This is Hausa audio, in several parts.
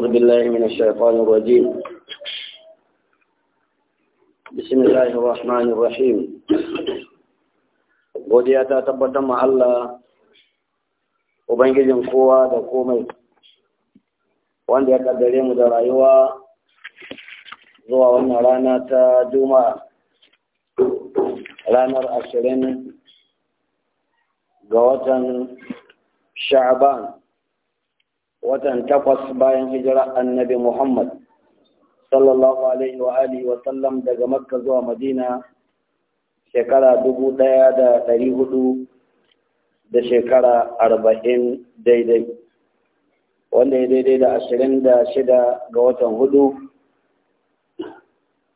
أعوذ بالله من الشيطان الرجيم بسم الله الرحمن الرحيم ودي أتبدا مع الله وبنجي جنقوة دقومة واندي أكدري مدرائيوة زوا ونرانا تدوما رانا الأشرين غوطا شعبان watan takwas bayan hijira annabi Muhammad sallallahu alaihi wa alihi wa sallam daga Makka zuwa Madina shekara dubu ɗaya da ɗari hudu da shekara arba'in daidai wanda ya daidai da ashirin da shida ga watan hudu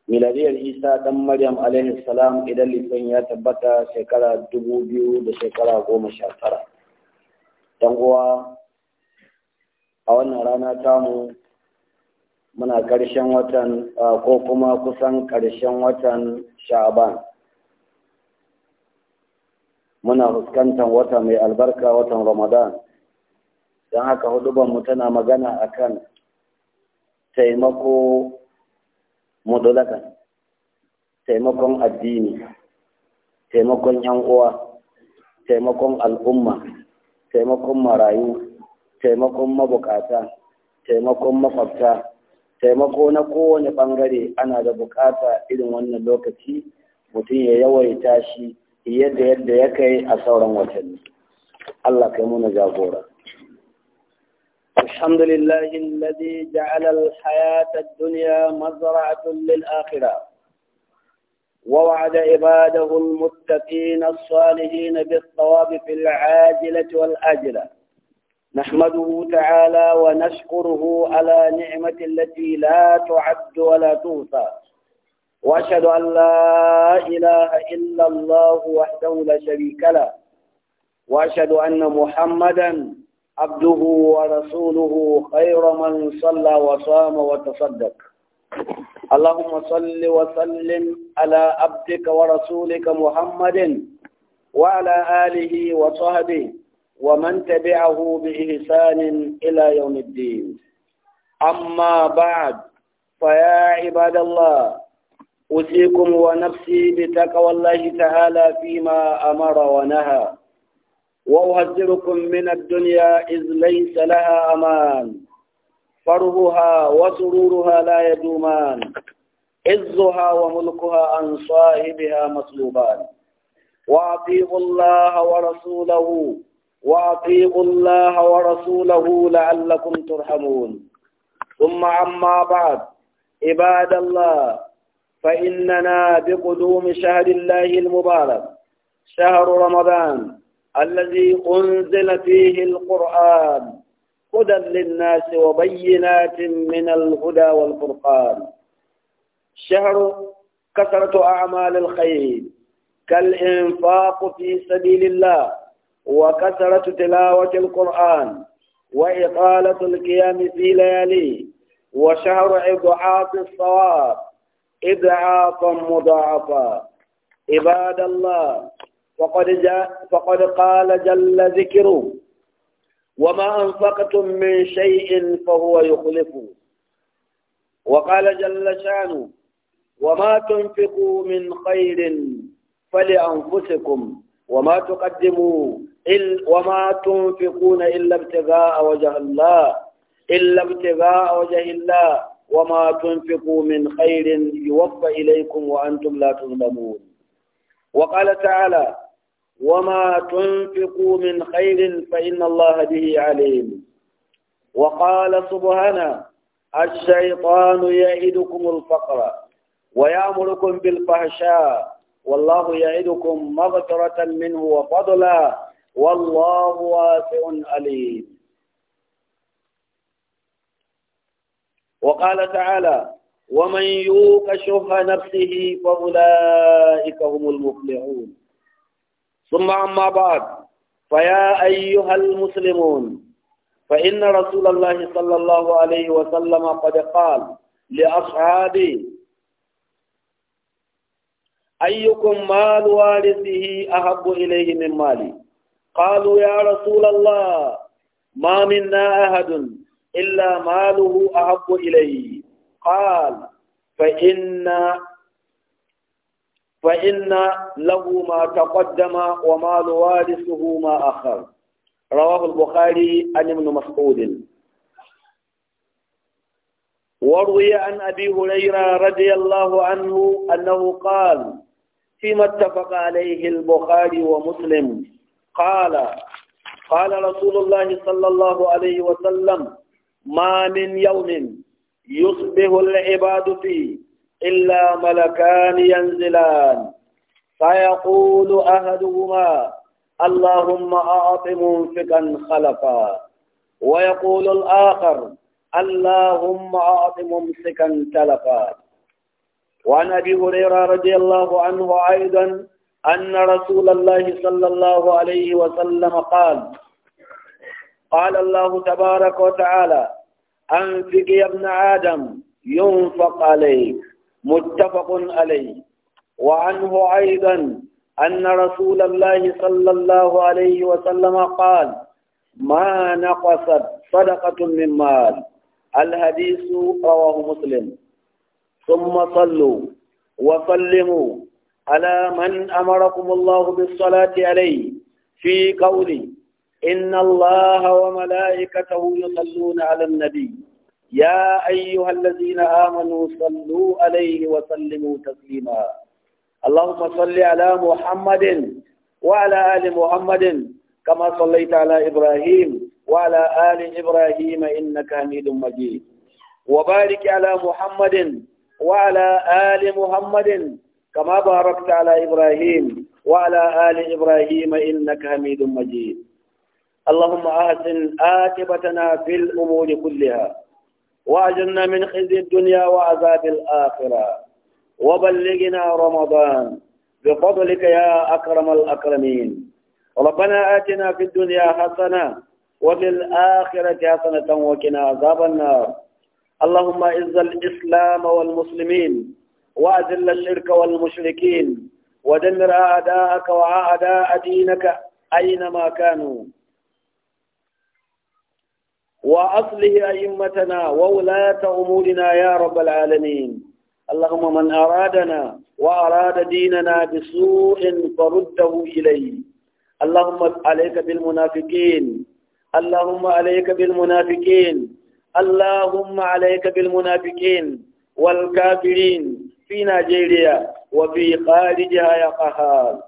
miladiyar isa ɗan maryam alaihi salam idan lifin ya tabbata shekara dubu biyu da shekara goma sha tara a wannan rana tamu muna ƙarshen watan ko kuma kusan ƙarshen watan sha'aban muna fuskantar wata mai albarka watan ramadan don haka mu tana magana akan taimako mudulaka taimakon addini taimakon yan uwa taimakon al'umma taimakon marayu taimakon mabukata taimakon makwabta taimako na kowane bangare ana da bukata irin wannan lokaci mutum ya yawaita shi yadda yadda ya kai a sauran watanni Allah kai muna jagora الحمد لله الذي جعل الحياة الدنيا مزرعة للآخرة ووعد عباده المتقين الصالحين بالصواب في العاجلة والآجلة نحمده تعالى ونشكره على نعمة التي لا تعد ولا تغفى وأشهد أن لا إله إلا الله وحده لا شريك له وأشهد أن محمدا عبده ورسوله خير من صلى وصام وتصدق اللهم صل وسلم على عبدك ورسولك محمد وعلى آله وصحبه ومن تبعه بإحسان إلى يوم الدين أما بعد فيا عباد الله أوصيكم ونفسي بتقوى الله تعالى فيما أمر ونهى وأهذركم من الدنيا إذ ليس لها أمان فرهها وسرورها لا يدومان عزها وملكها عن صاحبها مسلوبان وأطيعوا الله ورسوله وأطيعوا الله ورسوله لعلكم ترحمون ثم عما بعد عباد الله فإننا بقدوم شهر الله المبارك شهر رمضان الذي أنزل فيه القرآن هدى للناس وبينات من الهدى والفرقان شهر كثرة أعمال الخير كالإنفاق في سبيل الله وكثرة تلاوة القرآن وإطالة القيام في لياليه وشهر إضعاف الصواب إضعافا مضاعفا عباد الله فقد, جاء فقد قال جل ذكره وما أنفقتم من شيء فهو يخلفه وقال جل شانه وما تنفقوا من خير فلأنفسكم وما تقدموا وما تنفقون إلا ابتغاء وجه الله إلا ابتغاء وجه الله وما تنفقوا من خير يوفى إليكم وأنتم لا تظلمون وقال تعالى وما تنفقوا من خير فإن الله به عليم وقال سبحانه الشيطان يعدكم الفقر ويأمركم بالفحشاء والله يعدكم مغفرة منه وفضلا والله واسع عليم وقال تعالى ومن يوق شح نفسه فأولئك هم المفلحون ثم أما بعد فيا أيها المسلمون فإن رسول الله صلى الله عليه وسلم قد قال لأصحابه أيكم مال وارثه أحب إليه من مالي قالوا يا رسول الله ما منا أحد إلا ماله أحب إليه قال فإن فإن له ما تقدم ومال وارثه ما أخر رواه البخاري عن ابن مسعود وروي عن أبي هريرة رضي الله عنه أنه قال فيما اتفق عليه البخاري ومسلم قال قال رسول الله صلى الله عليه وسلم ما من يوم يصبح العباد فيه إلا ملكان ينزلان فيقول أحدهما اللهم أعط منفقا خلفا ويقول الآخر اللهم أعط ممسكا تلفا وعن أبي هريرة رضي الله عنه أيضا أن رسول الله صلى الله عليه وسلم قال قال الله تبارك وتعالى أنفق يا ابن آدم ينفق عليك متفق عليه وعنه أيضا أن رسول الله صلى الله عليه وسلم قال ما نقصت صدقة من مال الحديث رواه مسلم ثم صلوا وسلموا على من أمركم الله بالصلاة عليه في قوله إن الله وملائكته يصلون على النبي يا أيها الذين آمنوا صلوا عليه وسلموا تسليما اللهم صل على محمد وعلى آل محمد كما صليت على إبراهيم وعلى آل إبراهيم إنك حميد مجيد وبارك على محمد وعلى آل محمد كما باركت على إبراهيم وعلى آل إبراهيم إنك حميد مجيد اللهم أحسن آتبتنا في الأمور كلها وأجلنا من خزي الدنيا وعذاب الآخرة وبلغنا رمضان بفضلك يا أكرم الأكرمين ربنا آتنا في الدنيا حسنة وفي الآخرة حسنة وقنا عذاب النار اللهم إذ الإسلام والمسلمين وأذل الشرك والمشركين ودمر أعداءك وأعداء دينك أينما كانوا وأصله أئمتنا وولاة أمورنا يا رب العالمين اللهم من أرادنا وأراد ديننا بسوء فرده إليه اللهم عليك بالمنافقين اللهم عليك بالمنافقين اللهم عليك بالمنافقين والكافرين في نيجيريا وفي خارجها يا قهار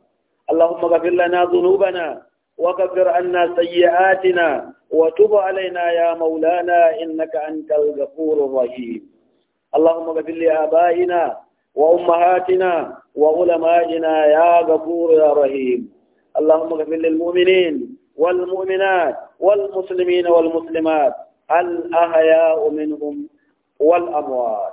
اللهم اغفر لنا ذنوبنا وكفر عنا سيئاتنا وتب علينا يا مولانا إنك أنت الغفور الرحيم اللهم اغفر لآبائنا وأمهاتنا وعلمائنا يا غفور يا رحيم اللهم اغفر للمؤمنين والمؤمنات والمسلمين والمسلمات الأحياء منهم والأموات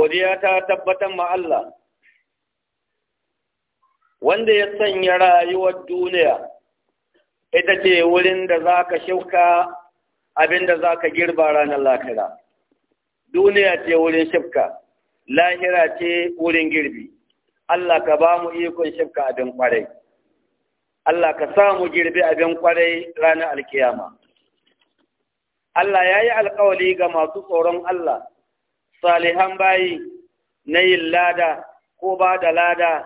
godiya ta tabbatar ma Allah wanda ya sanya rayuwar duniya ita ce wurin da za ka shifka abin da za ka girba ranar lahira duniya ce wurin shifka lahira ce wurin girbi Allah ka ba mu ikon shifka abin kwarai Allah ka sa mu girbi abin kwarai ranar alkiyama Allah ya yi alkawali ga masu tsoron Allah salihan bayi na yin lada ko ba da lada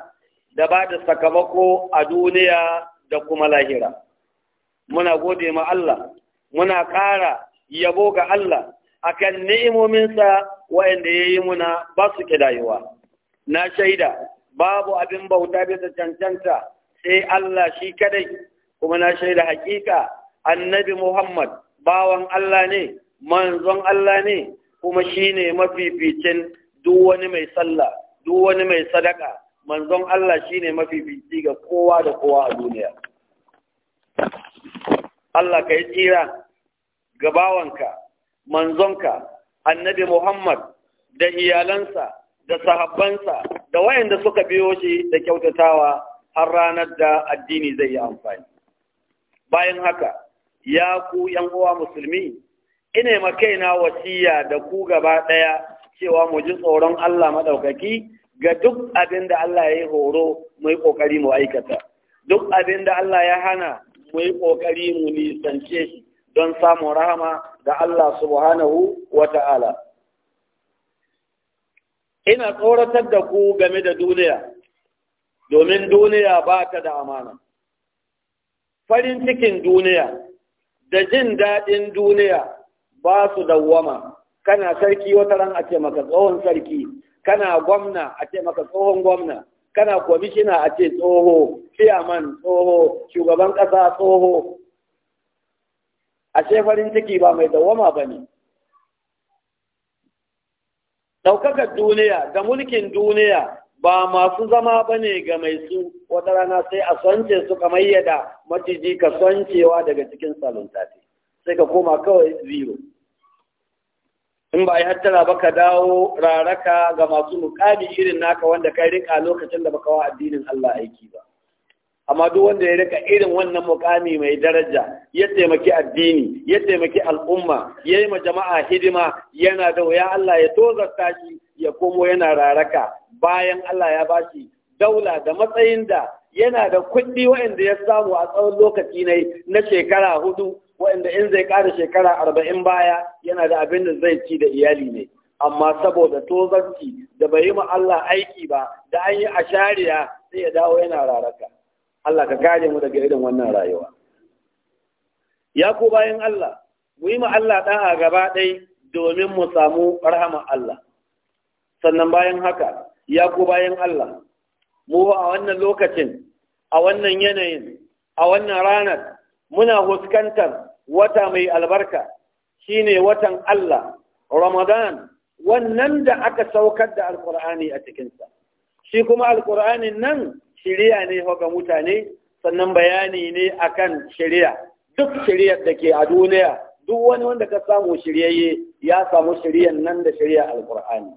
da ba da sakamako a duniya da kuma lahira. Muna gode ma Allah, muna ƙara yabo ga Allah akan ni'imominsa waɗanda ya yi muna ba su kidayewa. Na shaida, babu abin bauta bisa cancanta sai Allah shi kadai, kuma na shaida hakika annabi Muhammad bawan Allah ne, manzon Allah ne, kuma shine mafificin duk wani mai sallah duk wani mai sadaka manzon Allah shi ne mafifici ga kowa da kowa a duniya Allah ka yi tsira ga bawanka manzonka annabi Muhammad da iyalansa da sahabbansa da wayanda suka biyo shi da kyautatawa har ranar da addini zai yi amfani bayan haka ya ku yan uwa musulmi ina ma kaina wasiya da ku gaba ɗaya cewa mu ji tsoron Allah maɗaukaki ga duk abin da Allah ya yi horo mu yi ƙoƙari mu aikata duk abin da Allah ya hana mu yi ƙoƙari mu nisance shi don samun rahama da Allah subhanahu wa ta'ala. Ina tsoratar da ku game da duniya, domin duniya ba ta da amana. Farin cikin duniya da jin daɗin duniya ba su dawwama kana sarki wata ran a ce maka tsohon sarki kana gwamna a ce maka tsohon gwamna kana kwamishina a ce tsoho chairman tsoho shugaban ƙasa tsoho A farin ciki ba mai dawwama ba ne ɗaukakar duniya da mulkin duniya ba masu zama ba ne ga mai su wata rana sai a sonce su kamar yadda maciji ka soncewa daga cikin salon sai ka koma kawai zero in ba ya hattara ba ka dawo raraka ga masu mukami irin naka wanda kai rika lokacin da baka wa addinin Allah aiki ba amma duk wanda ya rika irin wannan mukami mai daraja ya taimaki addini ya taimaki al'umma ya yi ma jama'a hidima yana da wuya Allah ya tozarta shi ya komo yana raraka bayan Allah ya bashi daula da matsayin da yana da kuɗi waɗanda ya samu a tsawon lokaci ne na shekara hudu wanda in zai ƙara shekara arba'in baya yana da abin da zai ci da iyali ne amma saboda tozarci da bai yi ma Allah aiki ba da an yi ashariya sai ya dawo yana raraka Allah ka kare mu daga irin wannan rayuwa ya ku bayan Allah mu yi ma Allah ɗan a gaba ɗai domin mu samu rahama Allah sannan bayan haka ya ku bayan Allah mu a wannan lokacin a wannan yanayin a wannan ranar muna fuskantar. wata mai albarka shine watan Allah Ramadan wannan da aka saukar da alkur'ani a cikinsa shi kuma Alƙur'ani nan shiriya ne ga mutane sannan bayani ne akan shiriya duk shiriyar da ke a duniya duk wani wanda ka samu shiryayye ya samu shiryar nan da shirya alkur'ani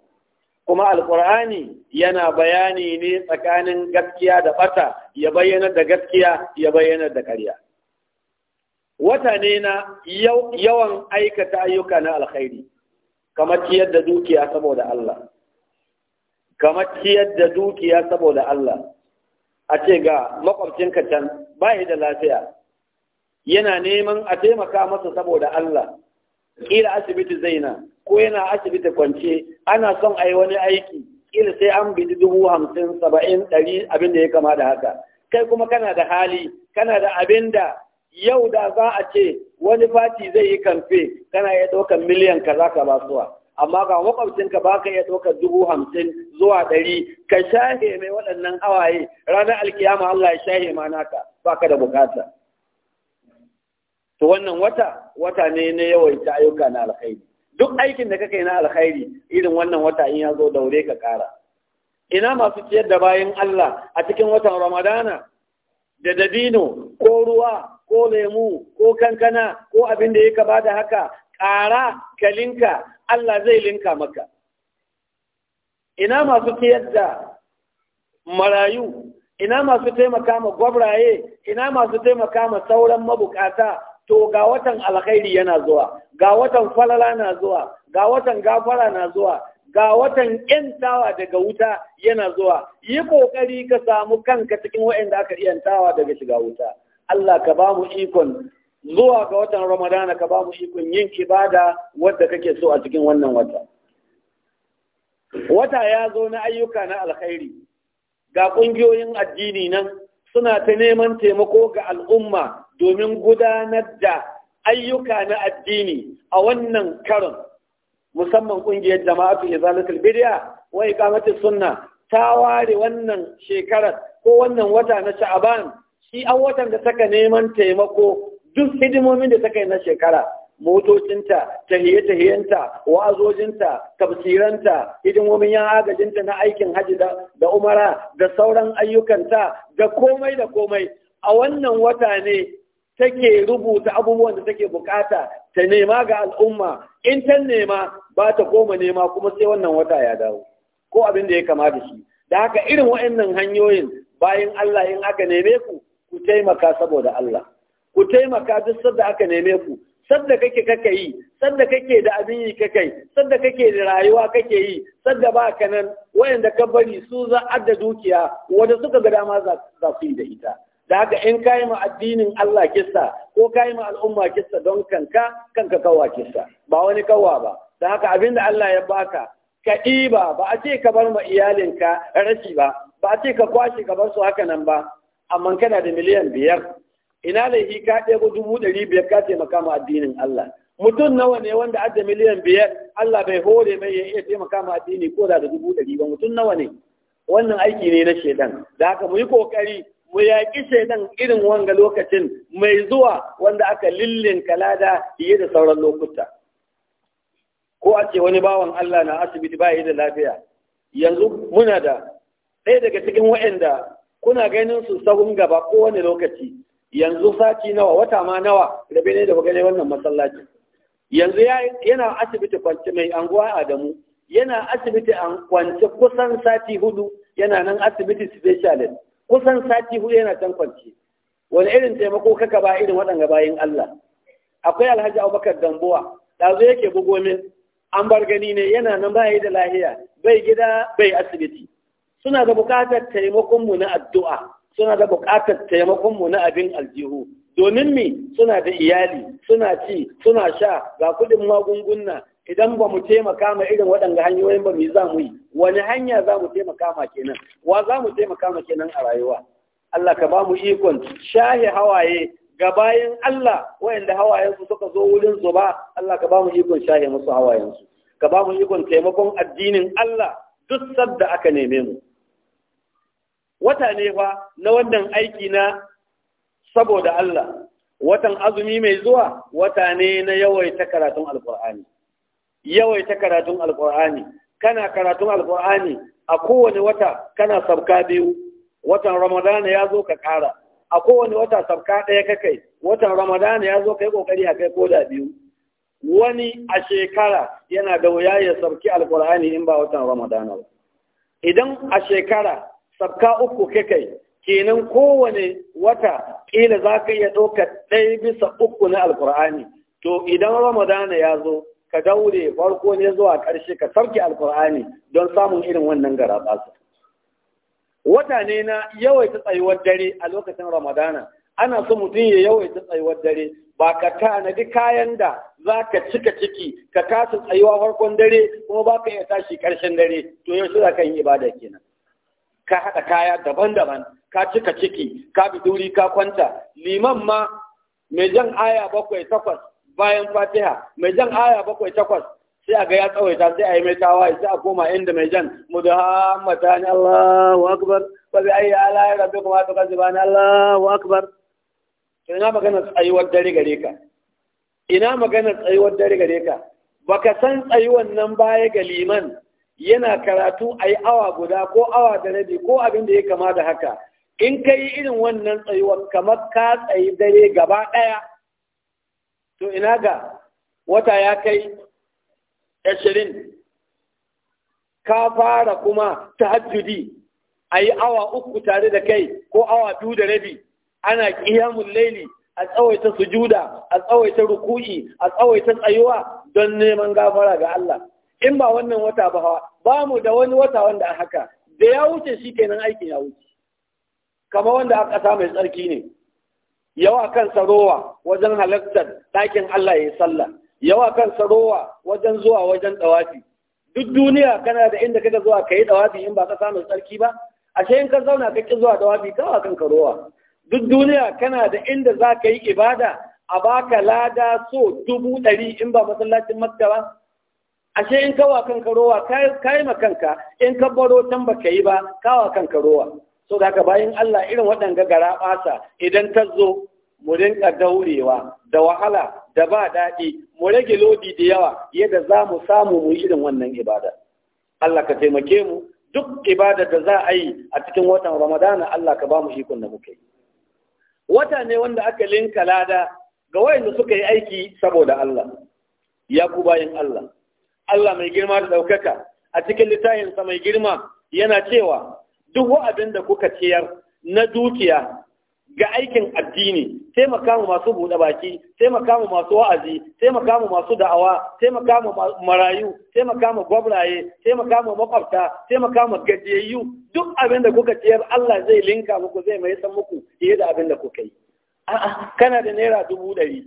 kuma alkur'ani yana bayani ne tsakanin gaskiya da bata ya bayyana da gaskiya ya bayyana da ƙarya wata ne na yawan aikata ayyuka na alkhairi kamar ciyar da dukiya saboda Allah kamar ciyar da dukiya saboda Allah a ce ga makwabcinka can ba da lafiya yana neman a taimaka masa saboda Allah kila asibiti zaina ko yana asibiti kwance ana son a yi wani aiki ƙila sai an bidi dubu hamsin saba'in ɗari abin da ya kama da haka kai kuma kana da hali kana da abin da yau da za a ce wani fati zai yi kamfe kana iya ɗaukar miliyan ka kaza ka basuwa amma ga makwabcinka ba ka iya ɗaukar dubu hamsin zuwa ɗari ka shahe mai waɗannan hawaye ranar alkiyama Allah ya shahe ma naka ba ka da bukata to wannan wata wata ne na yawaita ayyuka na alkhairi duk aikin da kake na alkhairi irin wannan wata in ya zo daure ka kara ina masu ciyar da bayan Allah a cikin watan Ramadana da dabino ko ruwa ko lemu ko kankana ko abin da yake bada haka ƙara ka linka Allah zai linka maka ina masu ciyar da marayu ina masu taimaka ma gwabraye ina masu taimaka ma sauran mabukata to ga watan alkhairi yana zuwa ga watan falala na zuwa ga watan gafara na zuwa ga watan ‘yantawa daga wuta yana zuwa, yi ƙoƙari ka samu kanka cikin waɗanda aka ‘yantawa daga shiga wuta. Allah ka ba mu ikon zuwa ga watan Ramadana ka ba mu ikon yin ibada wadda kake so a cikin wannan wata. Wata ya zo na ayyuka na alkhairi, ga ƙungiyoyin addini nan suna ta neman taimako ga al'umma domin gudanar da ayyuka na addini a wannan karon, musamman ƙungiyar jama'atu Izalatul Bidiya wa iqamatus sunna ta ware wannan shekarar ko wannan wata na Sha'aban shi an watan da saka neman taimako duk hidimomin da saka yi na shekara motocinta tahiye-tahiyenta wa'azojinta tafsiranta hidimomin yan agajinta na aikin hajji da umara da sauran ayyukanta da komai da komai a wannan wata ne take rubuta abubuwan da take bukata ta nema ga al'umma in ta nema ba ta koma nema kuma sai wannan wata ya dawo ko abin da ya kama da shi da haka irin waɗannan hanyoyin bayan Allah in aka neme ku ku taimaka saboda Allah ku taimaka duk sadda aka neme ku sadda kake kake yi sadda kake da abin yi kake sadda kake da rayuwa kake yi sadda ba ka nan wayanda ka bari su za adda dukiya wanda suka ga dama za su yi da ita da haka in kayi ma addinin Allah kista ko kayi ma al'umma kista don kanka kanka kawa kista, ba wani kawa ba da haka abin da Allah ya baka ka ɗiba ba a ce ka bar ma iyalinka rashi ba ba a ce ka kwashe ka bar su haka nan ba amma kana da miliyan biyar ina shi ka ɗebo dubu ɗari biyar ka taimaka ma addinin Allah mutum nawa ne wanda adda miliyan biyar Allah bai hore mai ya iya taimaka ma addini ko da da dubu ɗari ba mutum nawa ne wannan aiki ne na shaidan da haka muyi yi kokari mu yaƙi shaidan irin wanga lokacin mai zuwa wanda aka lillin kalada fiye da sauran lokuta ko a ce wani bawan Allah na asibiti ba da lafiya yanzu muna da ɗaya daga cikin waɗanda kuna ganin su sabon gaba kowane lokaci yanzu sati nawa wata ma nawa rabe ne da ba gane wannan masallacin yanzu yana asibiti kwance mai anguwa Adamu yana asibiti an kwance kusan sati hudu yana nan asibiti specialist kusan sati hudu yana can kwance. wani irin taimako kaka ba irin waɗanga bayan Allah akwai Alhaji Abubakar Gamboa ɗazu yake bugo min an bar gani ne yana nan ba da lahiya bai gida bai asibiti suna da buƙatar taimakonmu na addu'a suna da buƙatar taimakonmu na abin aljihu domin mi suna da iyali suna ci suna sha ga kuɗin magunguna idan ba mu taimaka ma irin waɗanda hanyoyin ba mu za mu yi wani hanya za mu taimaka ma kenan wa za mu taimaka ma kenan a rayuwa Allah ka ba mu ikon shahi hawaye ga bayan Allah wayanda hawayensu suka zo wurin su ba. Allah ka ba mu ikon shahi musu hawayensu ka ba mu ikon taimakon addinin Allah duk sadda aka neme mu wata ne fa na wannan aiki na saboda Allah watan azumi mai zuwa wata ne na yawaita karatun alkur'ani yawaita karatun alkur'ani kana karatun alkur'ani a kowane wata kana sabka biyu watan ramadana ya zo ka kara a kowane wata sabka ɗaya ka kai watan ramadana ya zo ka yi ƙoƙari a kai koda biyu wani a shekara yana da wuya ya sabki alkur'ani in ba watan ramadana ba idan a shekara sabka uku kai kenan kowane wata ƙila za ka iya ɗaukar ɗaya bisa uku na alkur'ani to idan ramadana ya zo ka daure farko ne zuwa ƙarshe ka sauke alkur'ani don samun irin wannan garaɓasa wata ne na yawaita tsayuwar dare a lokacin ramadana ana so mutum ya yawaita tsayuwar dare ba ka tanadi kayan da za ka cika ciki ka kasa tsayuwa farkon dare kuma ba ka iya tashi ƙarshen dare to yaushe za ka yi ibada kenan ka haɗa kaya daban-daban ka cika ciki ka biduri ka kwanta liman ma mai jan aya bakwai takwas bayan fatiha mai jan aya bakwai takwas sai a ga ya tsawaita sai a yi mai tawaye sai a koma inda mai jan mudahammata ni Allahu akbar fa bi ayyi ala rabbikum atukazziban Allahu akbar ina magana tsayuwar dare gare ka ina magana tsayuwar dare gare ka baka san tsayuwan nan baya ga liman yana karatu a yi awa guda ko awa da rabi ko abin da ya kama da haka in ka yi irin wannan tsayuwar kamar ka tsayi dare gaba ɗaya to ina ga wata ya kai ashirin ka fara kuma ta hajjudi a yi awa uku tare da kai ko awa biyu da rabi ana ƙiyamun laili a tsawaita sujuda a tsawaita ruku'i a tsawaita tsayuwa don neman gafara ga Allah in ba wannan wata ba hawa ba mu da wani wata wanda a haka da ya wuce shi kenan aikin ya wuce Kamar wanda a ƙasa mai tsarki ne yawa kan sarowa wajen halartar ɗakin Allah ya yi sallah yawa kan sarowa wajen zuwa wajen ɗawafi duk duniya kana da inda kada zuwa ka yi ɗawafi in ba ƙasa mai tsarki ba ashe in ka zauna ka ƙi zuwa ɗawafi kawa kan karowa duk duniya kana da inda za ka yi ibada a baka lada so dubu ɗari in ba masallacin makka ashe in kawa kanka rowa kai ma kanka in ka baro can baka yi ba kawa kanka rowa so da haka bayan Allah irin waɗanga gara ɓasa idan ta zo mu rinka daurewa da wahala da ba daɗi mu rage lodi da yawa yadda za mu samu mu yi irin wannan ibada Allah ka taimake mu duk ibada da za a yi a cikin watan Ramadana Allah ka ba mu ikon da muke wata ne wanda aka linka lada ga wayanda suka yi aiki saboda Allah ya ku bayan Allah Allah mai girma da ɗaukaka a cikin littafinsa mai girma yana cewa duk abinda da kuka ciyar na dukiya ga aikin addini taimaka mu masu buɗe baki taimaka mu masu wa'azi taimaka mu masu da'awa taimaka mu marayu taimaka mu gwabraye taimaka mu makwabta taimaka mu gajiyayyu duk abin da kuka ciyar Allah zai linka muku zai mai san muku fiye da abin da kuka yi a'a kana da naira dubu ɗari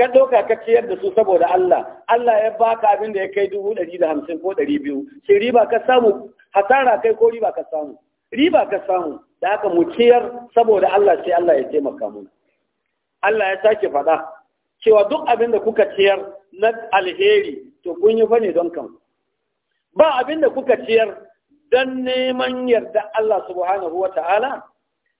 ka ɗauka ka ciyar da su saboda Allah Allah ya baka abin da ya kai dubu ɗari da hamsin ko ɗari biyu shi riba ka samu hasara kai ko riba ka samu riba ka samu da haka mu ciyar saboda Allah sai Allah ya taimaka mu Allah ya sake faɗa cewa duk abin da kuka ciyar na alheri to kun yi fane don kan ba abin da kuka ciyar don neman yarda Allah subhanahu wa ta'ala,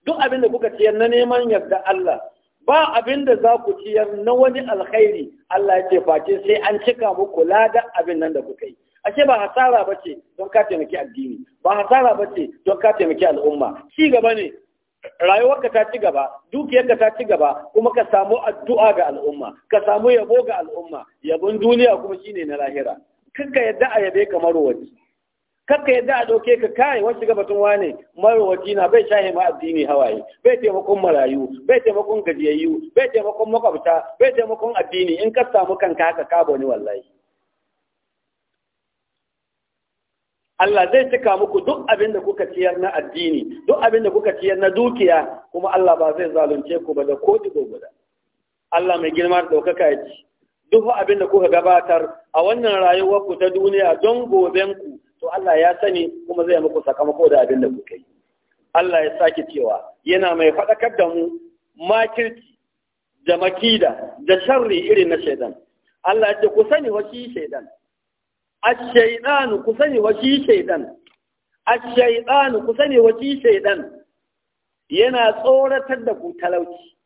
duk abin da kuka ciyar na neman yarda Allah, ba abin da za ku ciyar na wani alkhairi Allah ya ce face sai an cika muku ladan abin nan da kuka yi ashe ba hasara ba ce don ka taimaki addini ba hasara ba ce don ka taimaki al'umma ci gaba ne rayuwarka ta ci gaba dukiyarka ta ci gaba kuma ka samu addu'a ga al'umma ka samu yabo ga al'umma yabon duniya kuma shine na lahira kanka yadda a yabe kamar wani kakka yadda a ɗauke ka kai wani shiga batun wane marowaci na bai shahe ma addini hawaye bai taimakon marayu bai taimakon gajiyayyu bai taimakon makwabta bai taimakon addini in ka samu kanka haka ka bani wallahi Allah zai cika muku duk abin da kuka ciyar na addini duk abin da kuka ciyar na dukiya kuma Allah ba zai zalunce ku ba da ko digo guda Allah mai girma da ɗaukaka ya ci duk abin da kuka gabatar a wannan rayuwar ku ta duniya don goben ku to Allah ya sani kuma zai muku sakamako da abin da kuka yi Allah ya sake cewa yana mai faɗakar da mu makirci da makida da sharri irin na shaidan Allah ya ce ku sani wa shi shaidan ash ku sani wa shi shaidan ash ku sani wa shi shaidan yana tsoratar da ku talauci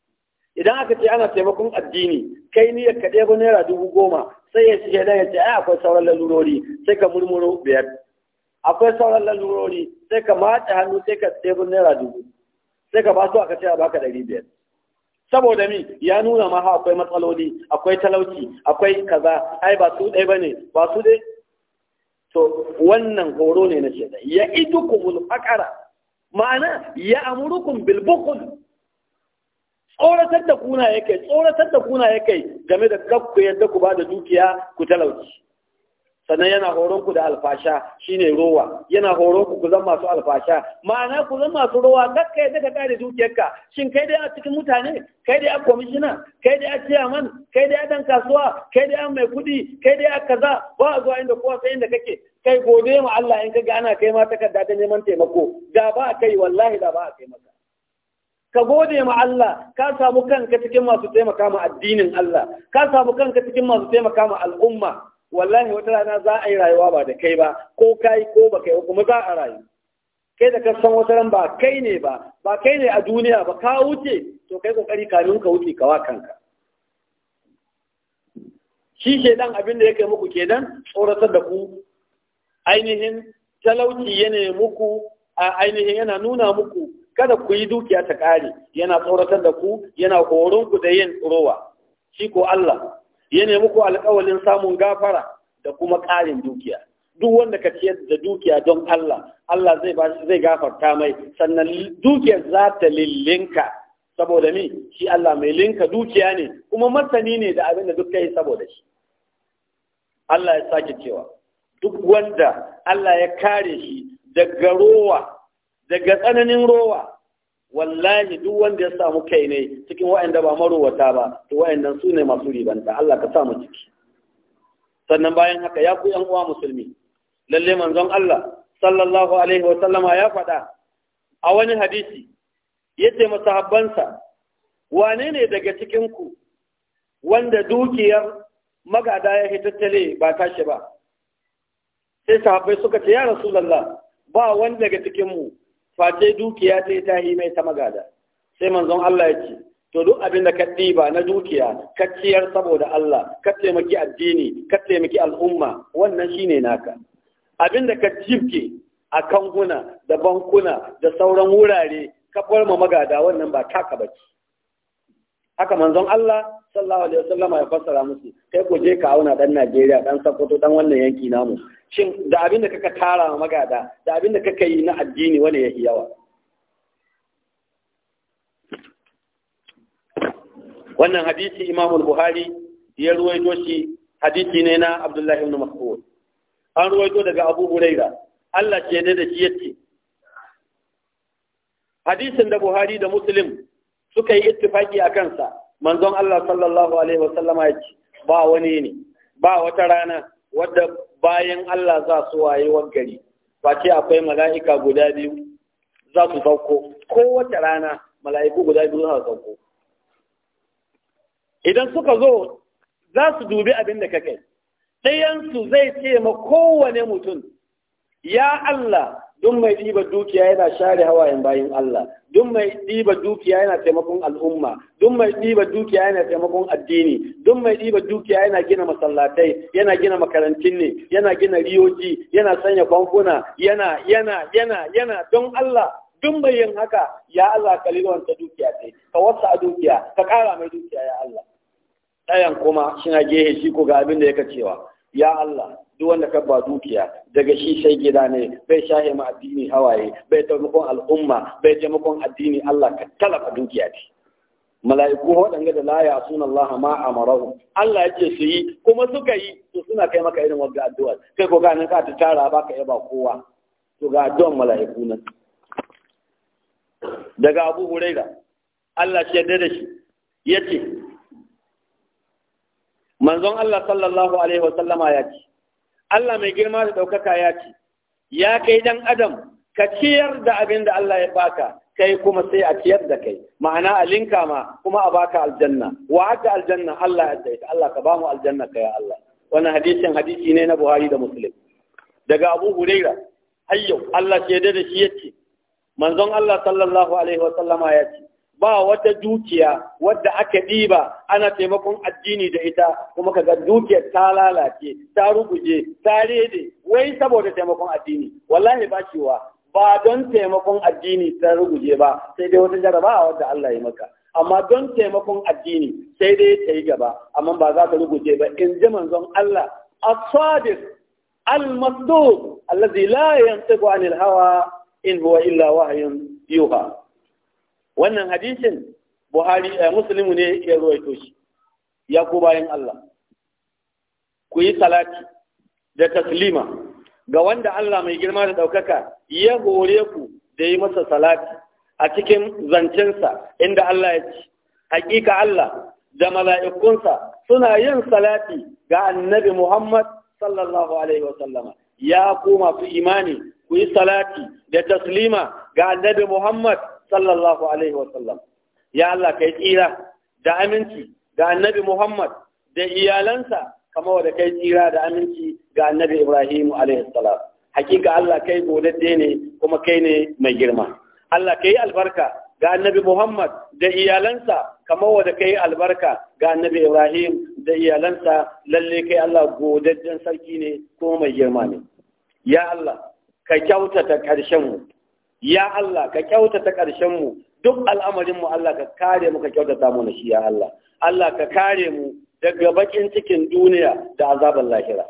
idan aka ce ana taimakon addini kai ni ka ɗebo naira dubu goma sai ya ce shaidan ya ce ai akwai sauran lalurori sai ka murmuro biyar akwai sauran lalurori sai ka matse hannu sai ka tsebin naira dubu sai ka basu aka ce a baka ɗari biyar saboda mi ya nuna ma akwai matsaloli akwai talauci akwai kaza ai ba su ɗaya bane ba su dai to wannan horo ne na shaidan ya idukumul fakara, ma'ana ya amurukum bil tsoratar da kuna yake tsoratar da kuna yake game da kakku yadda ku ba da dukiya ku talauci sannan yana horon ku da alfasha shine rowa yana horon ku ku zama masu alfasha ma'ana ku zama masu rowa kakka ya ka kare dukiyarka shin kai dai a cikin mutane kai dai a kwamishina kai dai a ciyaman kai dai a dan kasuwa kai dai a mai kuɗi kai dai a kaza ba a zuwa inda kowa sai inda kake kai gode ma Allah in kaga ana kai ma takarda ta neman taimako ga ba kai wallahi da ba a kai maka ka gode ma Allah ka samu kanka cikin masu taimaka ma addinin Allah ka samu kanka cikin masu taimaka ma al'umma wallahi wata rana za a yi rayuwa ba da kai ba ko kai ko ba kai kuma za a rayu kai da kasan wata ran ba kai ne ba ba kai ne a duniya ba ka wuce to kai kokari kamin ka wuce ka wa kanka shi ke dan abin da yake muku kenan tsoratar da ku ainihin talauci yana muku a ainihin yana nuna muku kada ku yi dukiya ta kare yana tsoratar da ku yana horon ku da yin tsorowa shi ko Allah ya nemi ku alƙawalin samun gafara da kuma ƙarin dukiya duk wanda ka ciyar da dukiya don Allah Allah zai zai gafarta mai sannan dukiyar za ta lillinka saboda ni, shi Allah mai linka dukiya ne kuma masani ne da abin da duk kai saboda shi Allah ya sake cewa duk wanda Allah ya kare shi daga rowa daga tsananin rowa wallahi duk wanda ya samu kai ne cikin wa'anda ba marowata ba to wa'annan su ne masu ribanta Allah ka sa mu ciki sannan bayan haka ya ku yan uwa musulmi lalle manzon Allah sallallahu alaihi wa sallama ya faɗa a wani hadisi yace masahabbansa wane ne daga cikinku wanda dukiyar magada ya hitattale ba tashi ba sai sahabbai suka ce ya rasulullah ba wanda daga cikin mu face dukiya ta ta yi mai ta magada sai manzon Allah ya ce to duk abin da ka ɗiba na dukiya ka ciyar saboda Allah ka taimaki addini ka taimaki al'umma wannan shine naka abin da ka jibke a kanguna da bankuna da sauran wurare ka bar ma magada wannan ba taka bace haka manzon Allah sallallahu alaihi wasallam ya fassara musu kai ko je ka auna dan Najeriya dan Sokoto dan wannan yanki namu shin da abin da kaka tara ma magada da abin da kaka yi na addini wani ya yawa wannan hadisi Imam Buhari ya ruwaito shi hadisi ne na Abdullah ibn Mas'ud an ruwaito daga Abu Huraira Allah ce da shi yace hadisin da Buhari da Muslim suka yi ittifaki a kansa manzon Allah sallallahu alaihi wasallama ya ce ba wani ne ba wata rana wadda bayan Allah za su waye gari face akwai mala'ika guda biyu za su sauko Ko wata rana mala'iku guda biyu za su sauko idan suka zo za su dubi abin da kai, ɗayansu zai ce ma kowane mutum ya Allah duk mai ɗiba dukiya yana share hawayen bayin Allah duk mai ɗiba dukiya yana taimakon al'umma duk mai ɗiba dukiya yana taimakon addini duk mai ɗiba dukiya yana gina masallatai yana gina makarantun ne yana gina riyoji yana sanya bankuna yana yana yana yana don Allah duk mai yin haka ya Allah ka ta dukiya ce ka wasa a dukiya ka ƙara mai dukiya ya Allah ɗayan kuma na gehe shi ko ga abin da yake cewa ya Allah duk wanda ka ba dukiya daga shi sai gida ne bai shahe ma addini hawaye bai taimakon al'umma bai taimakon addini Allah ka talaka dukiya ce mala'iku waɗanda da la ya suna Allah ma amarahu Allah ya ce su yi kuma suka yi to suna kai maka irin wanda addu'a kai ko ganin ka ta tara ba ka yi ba kowa to ga addu'an mala'iku nan daga Abu Huraira Allah shi yarda da shi yace manzon Allah sallallahu alaihi wasallama ya ce Allah mai girma da ɗaukaka ya ce ya kai dan adam ka ciyar da abin da Allah ya baka kai kuma sai a ciyar da kai ma'ana a linka ma kuma a baka aljanna wa haka aljanna Allah ya tsaye Allah ka bamu aljanna ka ya Allah wannan hadisin hadisi ne na Buhari da Muslim daga Abu Huraira hayyo Allah ce da shi yace manzon Allah sallallahu alaihi ya ce ba wata dukiya wadda aka ɗiba ana taimakon addini da ita kuma kaga dukiyar ta lalace ta ruguje ta rede wai saboda taimakon addini wallahi ba cewa ba don taimakon addini ta ruguje ba sai dai wata jarabawa wadda Allah ya maka amma don taimakon addini sai dai ta yi gaba amma ba za ta ruguje ba in ji manzon Allah as-sadiq al-masduq allazi la yantiqu anil hawa in huwa illa wahyun yuha wannan hadisin buhari a eh, musulmi ne ya ruwaito shi ya ku bayan Allah ku yi salati da taslima ga wanda Allah mai girma da ɗaukaka ya hore ku da yi masa salati a cikin zancensa inda Allah ya ci hakika Allah da mala'ikunsa suna yin salati ga annabi Muhammad sallallahu alaihi wasallama ya ku masu imani ku yi salati da taslima ga annabi Muhammad sallallahu alaihi wa sallam ya Allah kai tsira da aminci ga annabi Muhammad da iyalansa kama da kai tsira da aminci ga annabi Ibrahim alaihi salam hakika Allah kai godadde ne kuma kai ne mai girma Allah kai albarka ga annabi Muhammad da iyalansa kama da kai albarka ga annabi Ibrahim da iyalansa lalle kai Allah godadden sarki ne kuma mai girma ne ya Allah ka kyautata ƙarshen mu ya Allah ka kyautata ƙarshen mu duk al'amarin mu Allah ka kare mu ka kyautata mu shi ya Allah Allah ka kare mu daga bakin cikin duniya da azabar lahira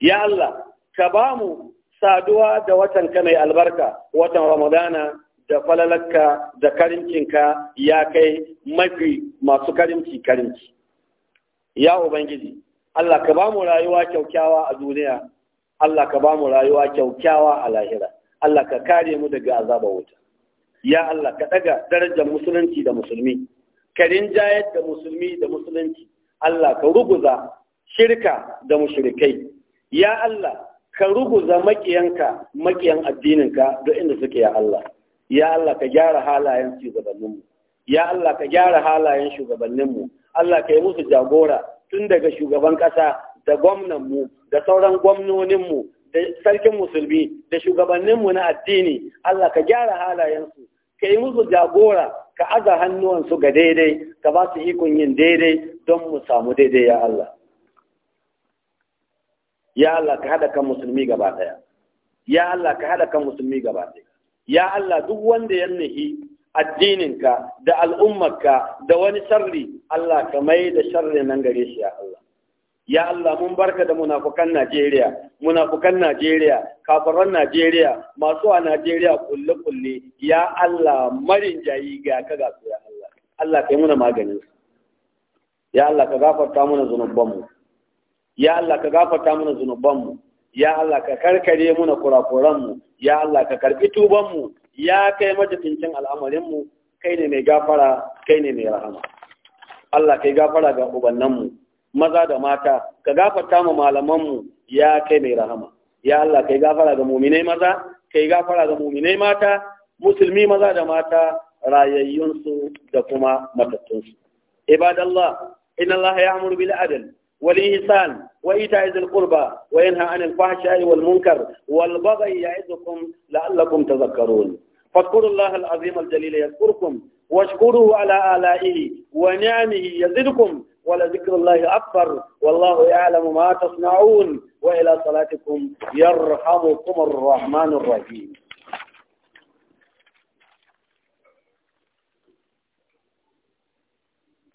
ya Allah ka ba mu saduwa da watan ka mai albarka watan Ramadana da falalarka da karimcinka ya kai mafi masu karimci karimci ya ubangiji Allah ka ba mu rayuwa kyaukyawa a duniya Allah ka ba mu rayuwa kyaukyawa a lahira Allah ka kare mu daga azaba wuta ya Allah ka daga darajar musulunci da musulmi ka rinjayar da musulmi da musulunci Allah ka ruguza shirka da mushrikai ya Allah ka ruguza makiyanka makiyan addininka duk inda suke ya Allah ya Allah ka gyara halayen shugabanninmu ya Allah ka gyara halayen shugabanninmu Allah ka yi musu jagora tun daga shugaban ƙasa da gwamnanmu da sauran gwamnoninmu da sarkin musulmi da shugabanninmu na addini Allah ka gyara halayensu ka yi musu jagora ka aza hannuwansu ga daidai ka ba su ikon yin daidai don mu samu daidai ya Allah ya Allah ka haɗa kan musulmi gaba ɗaya ya Allah ka haɗa kan musulmi gaba ɗaya ya Allah duk wanda ya nahi addininka da al'ummarka da wani sharri Allah ka mai da sharri nan gare shi ya Allah ya Allah mun barka da munafukan Najeriya munafukan Najeriya kafaran Najeriya masu a Najeriya kulle kulle ya Allah marin jayi ga ka ga ya Allah Allah kai muna maganin su ya Allah ka gafarta muna zunubanmu ya Allah ka gafarta muna zunubanmu ya Allah ka karkare muna kurakuranmu ya Allah ka karbi tubanmu ya kai majibincin al'amarinmu kai ne mai gafara kai ne mai rahama Allah kai gafara ga ubannanmu maza da mata ka gafarta mu malamanmu ya kai mai rahama ya Allah kai gafara ga muminai maza kai gafara ga muminai mata musulmi maza da mata rayayyunsu da kuma matattunsu ibadallah inna Allah ya'muru bil adl wal ihsan wa ita'i dhil qurba wa yanha 'anil fahsha'i wal munkar wal baghi ya'idukum la'allakum tadhakkarun فاذكروا الله العظيم الجليل يذكركم واشكروه على آلائه ونعمه يزدكم ولذكر الله أكبر والله يعلم ما تصنعون وإلى صلاتكم يرحمكم الرحمن الرحيم